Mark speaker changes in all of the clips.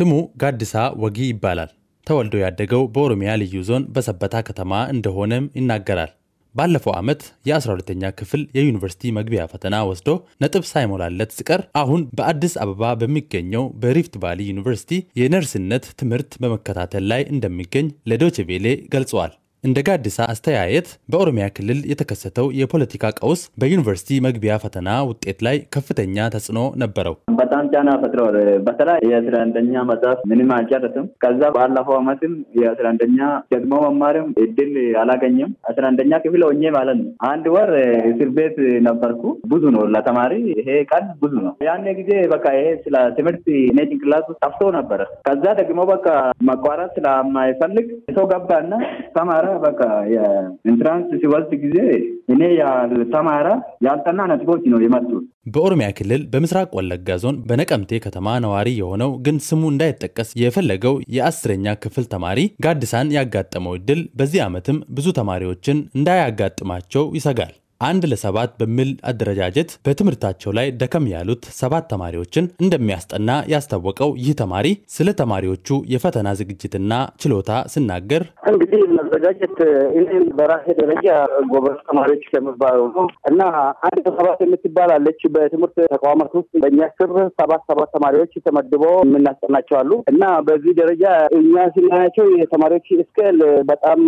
Speaker 1: ስሙ ጋዲሳ ወጊ ይባላል። ተወልዶ ያደገው በኦሮሚያ ልዩ ዞን በሰበታ ከተማ እንደሆነም ይናገራል። ባለፈው ዓመት የ12ኛ ክፍል የዩኒቨርሲቲ መግቢያ ፈተና ወስዶ ነጥብ ሳይሞላለት ሲቀር አሁን በአዲስ አበባ በሚገኘው በሪፍት ቫሊ ዩኒቨርሲቲ የነርስነት ትምህርት በመከታተል ላይ እንደሚገኝ ለዶችቬሌ ገልጸዋል። እንደ ጋዲሳ አስተያየት በኦሮሚያ ክልል የተከሰተው የፖለቲካ ቀውስ በዩኒቨርሲቲ መግቢያ ፈተና ውጤት ላይ ከፍተኛ ተጽዕኖ ነበረው። በጣም ጫና ፈጥሯል። በተለይ የአስራ አንደኛ መጽሐፍ ምንም አልጨረስም። ከዛ ባለፈው አመትም የአስራ አንደኛ ደግሞ መማርም እድል አላገኘም። አስራ አንደኛ ክፍል ሆኜ ማለት ነው። አንድ ወር እስር ቤት ነበርኩ። ብዙ ነው ለተማሪ ይሄ ቀን ብዙ ነው። ያኔ ጊዜ በቃ ይሄ ስለ ትምህርት እኔ ጭንቅላት ጠፍቶ ነበረ። ከዛ ደግሞ በቃ መቋረጥ ስለማይፈልግ ሰው ገባና ተማረ በቃ የኢንትራንስ ሲወስድ ጊዜ እኔ ያልተማረ ያልጠና ነጥቦች ነው የመጡት። በኦሮሚያ ክልል በምስራቅ ወለጋ ዞን በነቀምቴ ከተማ ነዋሪ የሆነው ግን ስሙ እንዳይጠቀስ የፈለገው የአስረኛ ክፍል ተማሪ ጋድሳን ያጋጠመው እድል በዚህ ዓመትም ብዙ ተማሪዎችን እንዳያጋጥማቸው ይሰጋል። አንድ ለሰባት በሚል አደረጃጀት በትምህርታቸው ላይ ደከም ያሉት ሰባት ተማሪዎችን እንደሚያስጠና ያስታወቀው ይህ ተማሪ ስለ ተማሪዎቹ የፈተና ዝግጅትና ችሎታ ሲናገር እንግዲህ መዘጋጀት እኔም በራሴ ደረጃ ጎበዝ ተማሪዎች ከሚባሉ ነው እና አንድ ሰባት የምትባል አለች። በትምህርት ተቋማት ውስጥ በእኛ ስር ሰባት ሰባት ተማሪዎች ተመድበው የምናስጠናቸው አሉ እና በዚህ ደረጃ እኛ ስናያቸው የተማሪዎች እስከል በጣም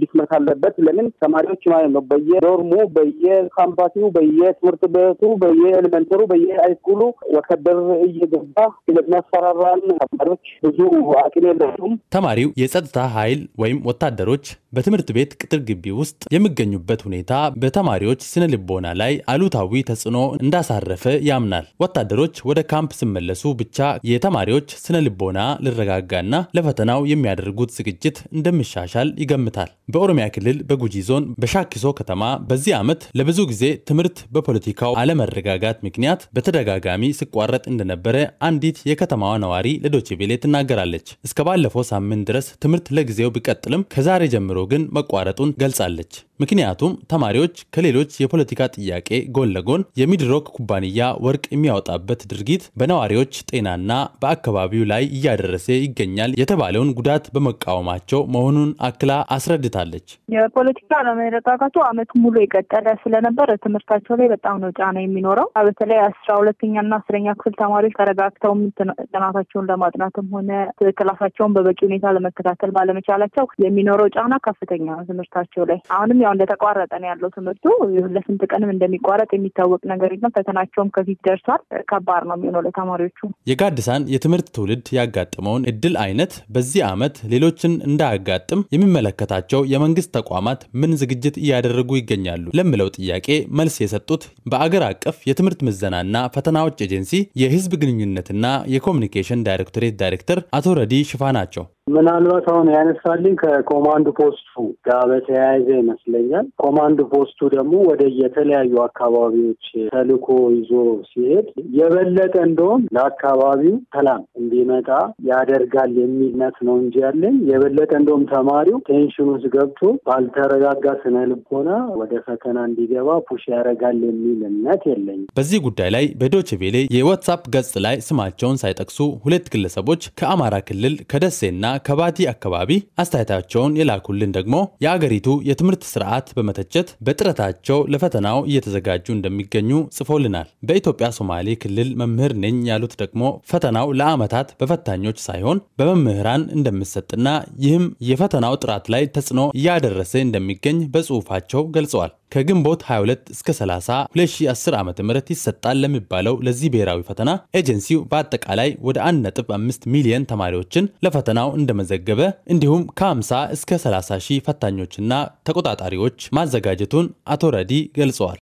Speaker 1: ድክመት አለበት። ለምን ተማሪዎች ማለት ነው በየዶርሙ፣ በየካምፓሲው፣ በየትምህርት ቤቱ፣ በየኤሌመንተሩ፣ በየሃይስኩሉ ወታደር እየገባ ስለሚያስፈራራን ተማሪዎች ብዙ አቅም የለውም። ተማሪው የጸጥታ ኃይል ወይም ወታደሮች በትምህርት ቤት ቅጥር ግቢ ውስጥ የሚገኙበት ሁኔታ በተማሪዎች ስነ ልቦና ላይ አሉታዊ ተጽዕኖ እንዳሳረፈ ያምናል። ወታደሮች ወደ ካምፕ ሲመለሱ ብቻ የተማሪዎች ስነ ልቦና ልረጋጋና ለፈተናው የሚያደርጉት ዝግጅት እንደሚሻሻል ይገምታል። በኦሮሚያ ክልል በጉጂ ዞን በሻኪሶ ከተማ በዚህ ዓመት ለብዙ ጊዜ ትምህርት በፖለቲካው አለመረጋጋት ምክንያት በተደጋጋሚ ሲቋረጥ እንደነበረ አንዲት የከተማዋ ነዋሪ ለዶችቬሌ ትናገራለች። እስከ ባለፈው ሳምንት ድረስ ትምህርት ለጊዜው ቢቀጥልም ከዛሬ ጀምሮ ግን መቋረጡን ገልጻለች። ምክንያቱም ተማሪዎች ከሌሎች የፖለቲካ ጥያቄ ጎን ለጎን የሚድሮክ ኩባንያ ወርቅ የሚያወጣበት ድርጊት በነዋሪዎች ጤናና በአካባቢው ላይ እያደረሰ ይገኛል የተባለውን ጉዳት በመቃወማቸው መሆኑን አክላ አስረድታለች። የፖለቲካ አለመረጋጋቱ አመት ሙሉ የቀጠለ ስለነበረ ትምህርታቸው ላይ በጣም ነው ጫና የሚኖረው። በተለይ አስራ ሁለተኛና አስረኛ ክፍል ተማሪዎች ተረጋግተው ጥናታቸውን ለማጥናትም ሆነ ክላሳቸውን በበቂ ሁኔታ ለመከታተል ባለመቻላቸው የሚኖረው ጫና ከፍተኛ ነው ትምህርታቸው ላይ አሁንም ያው እንደተቋረጠ ነው ያለው ትምህርቱ። ለስንት ቀንም እንደሚቋረጥ የሚታወቅ ነገር የለም። ፈተናቸውም ከፊት ደርሷል። ከባድ ነው የሚሆነው ለተማሪዎቹ። የጋድሳን የትምህርት ትውልድ ያጋጥመውን እድል አይነት በዚህ ዓመት ሌሎችን እንዳያጋጥም የሚመለከታቸው የመንግስት ተቋማት ምን ዝግጅት እያደረጉ ይገኛሉ ለምለው ጥያቄ መልስ የሰጡት በአገር አቀፍ የትምህርት ምዘናና ፈተናዎች ኤጀንሲ የህዝብ ግንኙነትና የኮሚኒኬሽን ዳይሬክቶሬት ዳይሬክተር አቶ ረዲ ሽፋ ናቸው። ምናልባት አሁን ያነሳልኝ ከኮማንድ ፖስቱ ጋር በተያያዘ ይመስል ይመስለኛል። ኮማንድ ፖስቱ ደግሞ ወደ የተለያዩ አካባቢዎች ተልኮ ይዞ ሲሄድ የበለጠ እንደውም ለአካባቢው ሰላም እንዲመጣ ያደርጋል የሚልነት ነው እንጂ ያለኝ የበለጠ እንደውም ተማሪው ቴንሽን ውስጥ ገብቶ ባልተረጋጋ ስነ ልቦና ወደ ፈተና እንዲገባ ፑሽ ያደርጋል የሚል እምነት የለኝም። በዚህ ጉዳይ ላይ በዶቼ ቬሌ የዋትሳፕ ገጽ ላይ ስማቸውን ሳይጠቅሱ ሁለት ግለሰቦች ከአማራ ክልል ከደሴና ከባቲ አካባቢ አስተያየታቸውን የላኩልን ደግሞ የአገሪቱ የትምህርት ስራ ስርዓት በመተቸት በጥረታቸው ለፈተናው እየተዘጋጁ እንደሚገኙ ጽፎልናል። በኢትዮጵያ ሶማሌ ክልል መምህር ነኝ ያሉት ደግሞ ፈተናው ለዓመታት በፈታኞች ሳይሆን በመምህራን እንደሚሰጥና ይህም የፈተናው ጥራት ላይ ተጽዕኖ እያደረሰ እንደሚገኝ በጽሑፋቸው ገልጸዋል። ከግንቦት 22 እስከ 30 2010 ዓ ም ይሰጣል ለሚባለው ለዚህ ብሔራዊ ፈተና ኤጀንሲው በአጠቃላይ ወደ 1.5 ሚሊዮን ተማሪዎችን ለፈተናው እንደመዘገበ እንዲሁም ከ50 እስከ 30 ሺህ ፈታኞችና ተቆጣጣሪዎች ማዘጋጀቱን አቶ ረዲ ገልጸዋል።